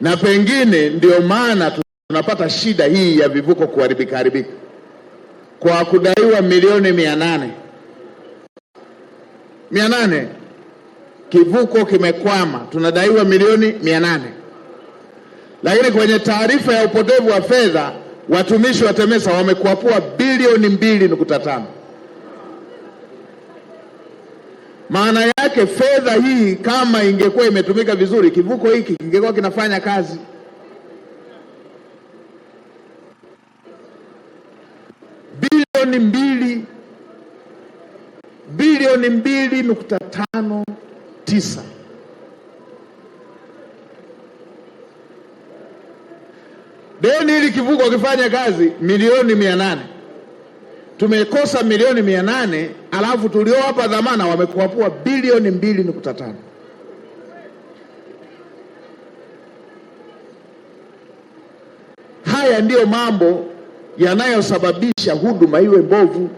na pengine ndiyo maana tunapata shida hii ya vivuko kuharibika haribika kwa kudaiwa milioni mia nane mia nane kivuko kimekwama, tunadaiwa milioni mia nane lakini kwenye taarifa ya upotevu wa fedha watumishi wa TEMESA wamekuapua bilioni mbili nukta tano. Maana yake fedha hii kama ingekuwa imetumika vizuri, kivuko hiki kingekuwa kinafanya kazi. Bilioni mbili bilioni mbili nukta tano tisa deni hili kivuko kifanya kazi milioni mia nane tumekosa milioni mia nane alafu tuliowapa dhamana wamekuapua bilioni mbili nukta tano. Haya ndiyo mambo yanayosababisha huduma iwe mbovu,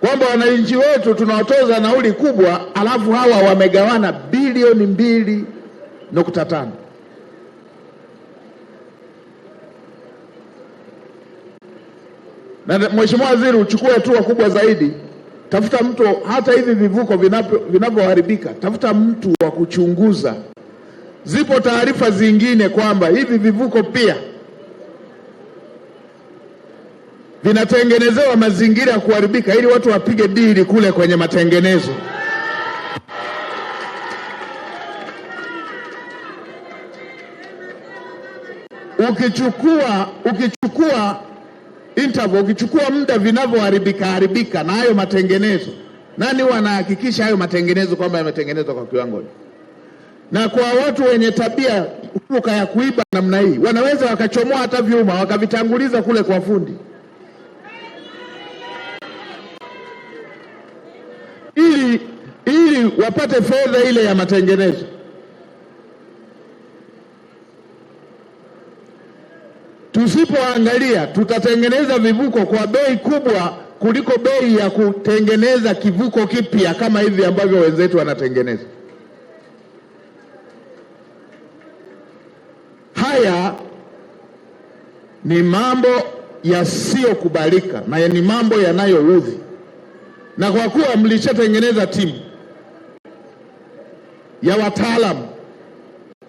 kwamba wananchi wetu tunawatoza nauli kubwa, alafu hawa wamegawana bilioni mbili nukta tano. Na Mheshimiwa Waziri, uchukue hatua kubwa zaidi, tafuta mtu, hata hivi vivuko vinavyoharibika, tafuta mtu wa kuchunguza. Zipo taarifa zingine kwamba hivi vivuko pia vinatengenezewa mazingira ya kuharibika ili watu wapige dili kule kwenye matengenezo. Ukichukua ukichukua interval, ukichukua muda vinavyoharibika haribika na hayo matengenezo, nani wanahakikisha hayo matengenezo kwamba yametengenezwa kwa kiwango? Na kwa watu wenye tabia huruka ya kuiba namna hii, wanaweza wakachomoa hata vyuma wakavitanguliza kule kwa fundi ili, ili wapate fedha ile ya matengenezo. Tusipoangalia tutatengeneza vivuko kwa bei kubwa kuliko bei ya kutengeneza kivuko kipya kama hivi ambavyo wenzetu wanatengeneza. Haya ni mambo yasiyokubalika na ni mambo yanayoudhi, na kwa kuwa mlishatengeneza timu ya wataalamu,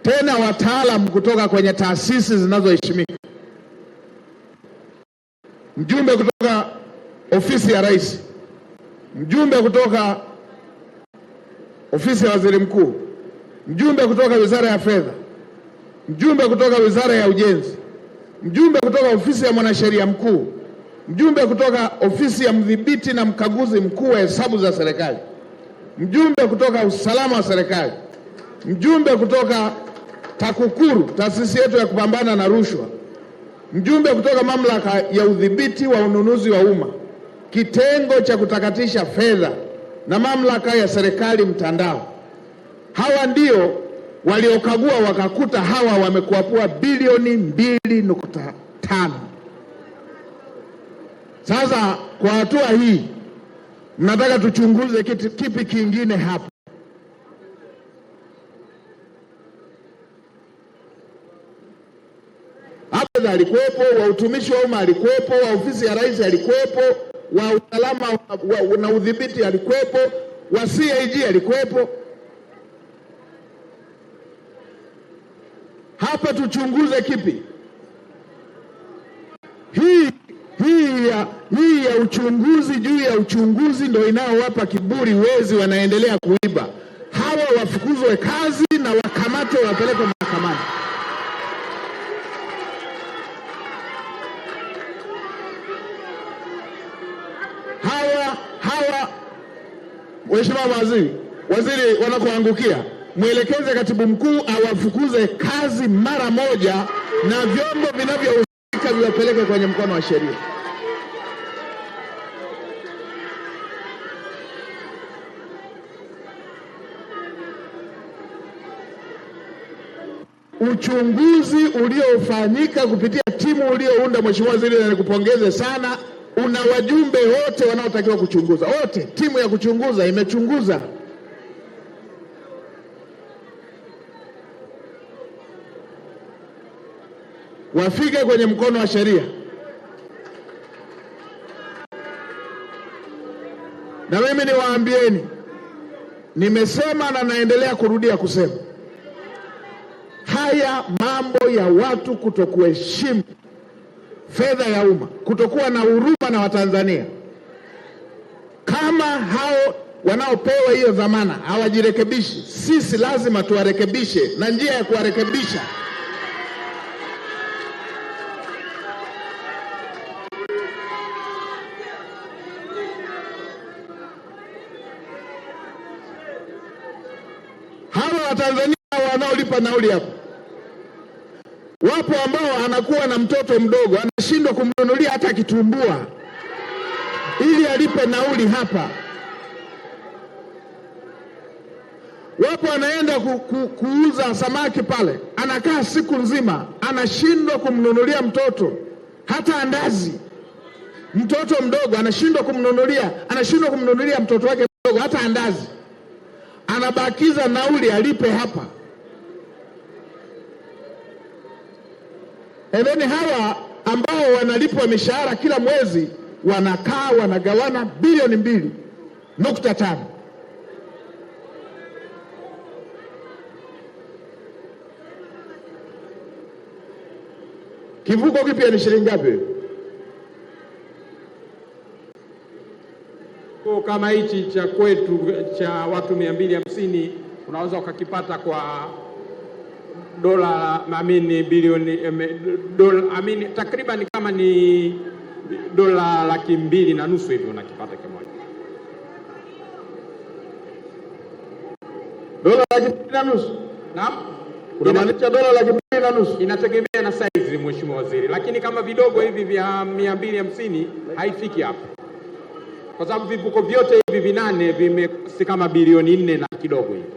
tena wataalamu kutoka kwenye taasisi zinazoheshimika mjumbe kutoka ofisi ya rais, mjumbe kutoka ofisi ya waziri mkuu, mjumbe kutoka wizara ya fedha, mjumbe kutoka wizara ya ujenzi, mjumbe kutoka ofisi ya mwanasheria mkuu, mjumbe kutoka ofisi ya mdhibiti na mkaguzi mkuu wa hesabu za serikali, mjumbe kutoka usalama wa serikali, mjumbe kutoka TAKUKURU, taasisi yetu ya kupambana na rushwa Mjumbe kutoka mamlaka ya udhibiti wa ununuzi wa umma, kitengo cha kutakatisha fedha na mamlaka ya serikali mtandao. Hawa ndio waliokagua wakakuta hawa wamekuapua bilioni tano Sasa kwa hatua hii mnataka tuchunguze kipi kingine hapa? fedha alikuwepo, wa utumishi wa umma alikuwepo, wa ofisi ya rais alikuwepo, wa usalama na udhibiti alikuwepo, wa CAG alikuwepo. Hapa tuchunguze kipi? Hii, hii, ya, hii ya uchunguzi juu ya uchunguzi ndio inayowapa kiburi wezi, wanaendelea kuiba. Hawa wafukuzwe kazi na wakamatwe, wapelekwe Mheshimiwa Waziri, waziri wanakoangukia, mwelekeze katibu mkuu awafukuze kazi mara moja na vyombo vinavyohusika viwapeleke kwenye mkono wa sheria. Uchunguzi uliofanyika kupitia timu uliounda, Mheshimiwa Waziri, na nikupongeze sana una wajumbe wote wanaotakiwa kuchunguza, wote. Timu ya kuchunguza imechunguza. Wafike kwenye mkono wa sheria. Na mimi niwaambieni, nimesema na naendelea kurudia kusema haya mambo ya watu kutokuheshimu fedha ya umma, kutokuwa na huruma na Watanzania. Kama hao wanaopewa hiyo dhamana hawajirekebishi, sisi lazima tuwarekebishe, na njia ya kuwarekebisha hawa Watanzania wanaolipa nauli hapo Wapo ambao anakuwa na mtoto mdogo anashindwa kumnunulia hata kitumbua ili alipe nauli hapa. Wapo anaenda ku, ku, kuuza samaki pale, anakaa siku nzima, anashindwa kumnunulia mtoto hata andazi. Mtoto mdogo anashindwa kumnunulia, anashindwa kumnunulia mtoto wake mdogo hata andazi, anabakiza nauli alipe hapa. Heveni hawa ambao wanalipwa mishahara kila mwezi wanakaa wanagawana bilioni mbili nukta tano. Kivuko kipya ni shilingi ngapi? Kama hichi cha kwetu cha watu mia mbili hamsini unaweza ukakipata kwa dola amini bilioni dola amini takriban kama ni dola laki mbili na nusu hivi unakipata kimoja. Dola laki mbili na nusu. Naam. Unamaanisha dola laki mbili na nusu. Inategemea na size, Mheshimiwa Waziri, lakini kama vidogo hivi vya mia mbili hamsini haifiki hapo, kwa sababu vivuko vyote hivi vinane vime si kama bilioni nne na kidogo hivi,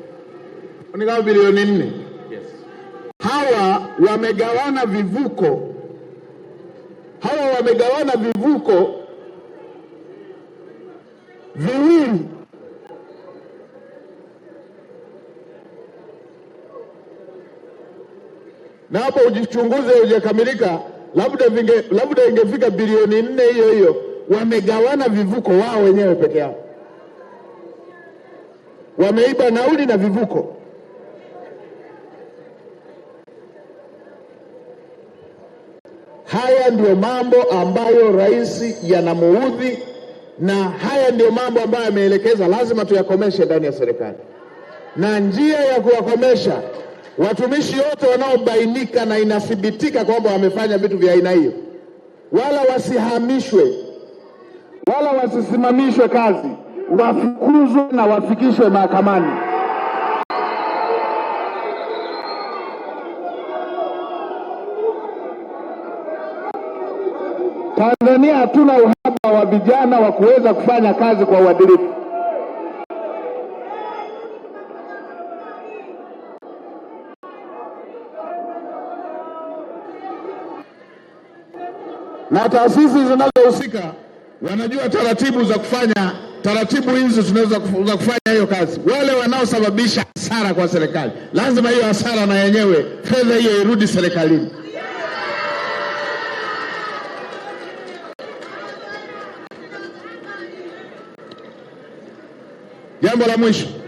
ni kama bilioni nne hawa wamegawana vivuko, hawa wamegawana vivuko viwili na hapo ujichunguze, hujakamilika labda vinge, labda ingefika bilioni nne hiyo hiyo. Wamegawana vivuko wao wenyewe peke yao, wameiba nauli na vivuko. Haya ndiyo mambo ambayo rais yanamuudhi, na haya ndiyo mambo ambayo ameelekeza lazima tuyakomeshe ndani ya serikali, na njia ya kuwakomesha watumishi wote wanaobainika na inathibitika kwamba wamefanya vitu vya aina hiyo, wala wasihamishwe wala wasisimamishwe kazi, wafukuzwe na wafikishwe mahakamani. Tanzania hatuna uhaba wa vijana wa kuweza kufanya kazi kwa uadilifu. Na taasisi zinazohusika wanajua taratibu za kufanya taratibu hizi tunaweza kufanya hiyo kazi. Wale wanaosababisha hasara kwa serikali, lazima hiyo hasara na yenyewe fedha hiyo irudi serikalini. Jambo la mwisho